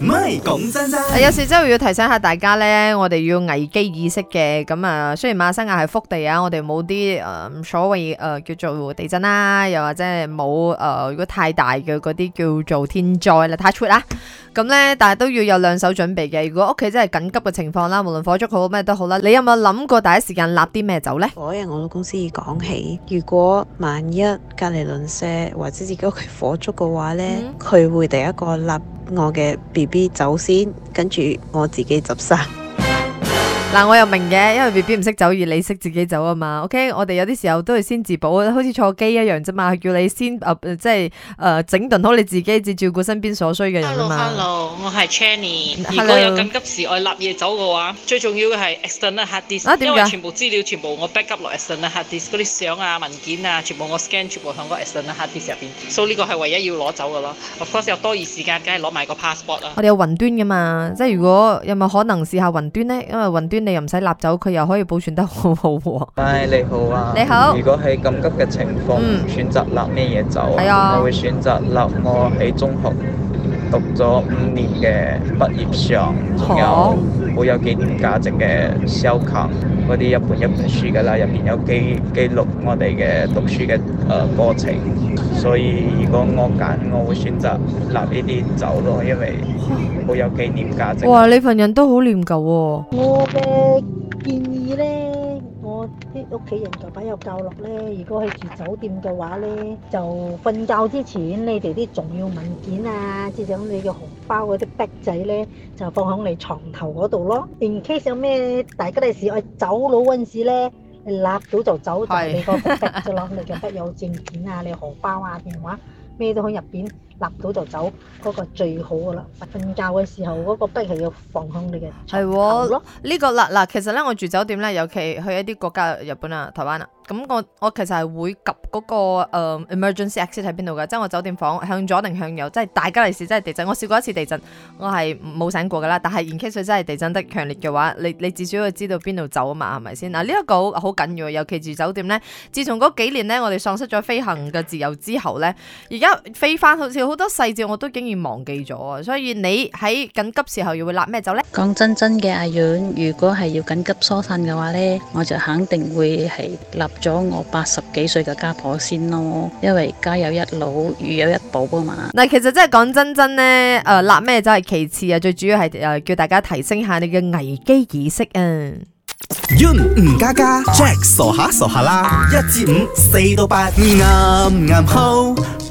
唔係講真真、呃，有時真要提醒下大家呢。我哋要危機意識嘅咁啊。雖然馬生亞係福地啊，我哋冇啲誒所謂誒、呃、叫做地震啦，又或者係冇誒如果太大嘅嗰啲叫做天災啦，太 touch 啦。咁、嗯、呢，但係都要有兩手準備嘅。如果屋企真係緊急嘅情況啦，無論火燭好咩都好啦，你有冇諗過第一時間立啲咩走呢？嗰日我老公司講起，如果萬一隔籬鄰舍或者自己屋企火燭嘅話呢，佢、嗯、會第一個立。我嘅 B B 走先，跟住我自己執生。嗱，我又明嘅，因為 B B 唔識走而你識自己走啊嘛，OK？我哋有啲時候都係先自保，好似坐機一樣啫嘛，叫你先啊、呃，即係誒、呃、整頓好你自己，至照顧身邊所需嘅人。Hello，Hello，我係 Channy。Hello 如果有緊急時我立嘢走嘅話，最重要嘅係 external hard disk、啊、因為全部資料全部我 backup 落 external hard disk，嗰啲相啊、文件啊，全部我 scan，全部響個 external hard disk 入邊。所以呢個係唯一要攞走嘅咯。Of course, 有我嗰時候多餘時間，梗係攞埋個 passport 啦。我哋有雲端噶嘛，即係如果有冇可能試下雲端咧？因為雲端。你又唔使立走，佢又可以保存得好好喎。Hi, 你好啊，你好。如果係緊急嘅情況，嗯、選擇立咩嘢走？啊、我會選擇立我喺中學，讀咗五年嘅畢業相，仲有好有紀念價值嘅收藏，嗰啲一本一本書噶啦，入面有記記錄我哋嘅讀書嘅誒、呃、過程，所以如果我揀，我會選擇立呢啲走咯，因為好有紀念價值。哇，哇，你份人都好念舊。我嘅建議咧，屋企人就擺有教落咧。如果係住酒店嘅話咧，就瞓覺之前，你哋啲重要文件啊，即係咁你嘅荷包嗰啲筆仔咧，就放響你床頭嗰度咯。In case 有咩大吉利是。我走佬陣時咧，立早到就走，就是，你個筆就咯。 你嘅筆有證件啊，你荷包啊，電話。咩都喺入邊立到就走，嗰、那個最好嘅啦。瞓覺嘅時候嗰、那個壁係要放空你嘅出口咯。呢個啦，嗱， 其實咧，我住酒店咧，尤其去一啲國家，日本啊、台灣啊，咁我我其實係會及嗰、那個、啊、emergency a exit 喺邊度嘅，即、就、係、是、我酒店房向左定向右，即、就、係、是、大家嚟時真係地震，我試過一次地震，我係冇醒過嘅啦。但係延 n c 真係地震得強烈嘅話，你你至少要知道邊度走啊嘛，係咪先？嗱，呢一個好緊要，尤其住酒店咧。自從嗰幾年咧，我哋喪失咗飛行嘅自由之後咧，而家。飛翻好似好多細節我都竟然忘記咗啊！所以你喺緊急時候又會立咩走呢？講真真嘅阿阮，如果係要緊急疏散嘅話呢，我就肯定會係立咗我八十幾歲嘅家婆先咯，因為家有一老如有一寶啊嘛。嗱，其實真係講真真呢，誒、呃，立咩走係其次啊，最主要係誒叫大家提升下你嘅危機意識啊。因吳家家 Jack 傻下傻下啦，一至五四到八啱啱好。5,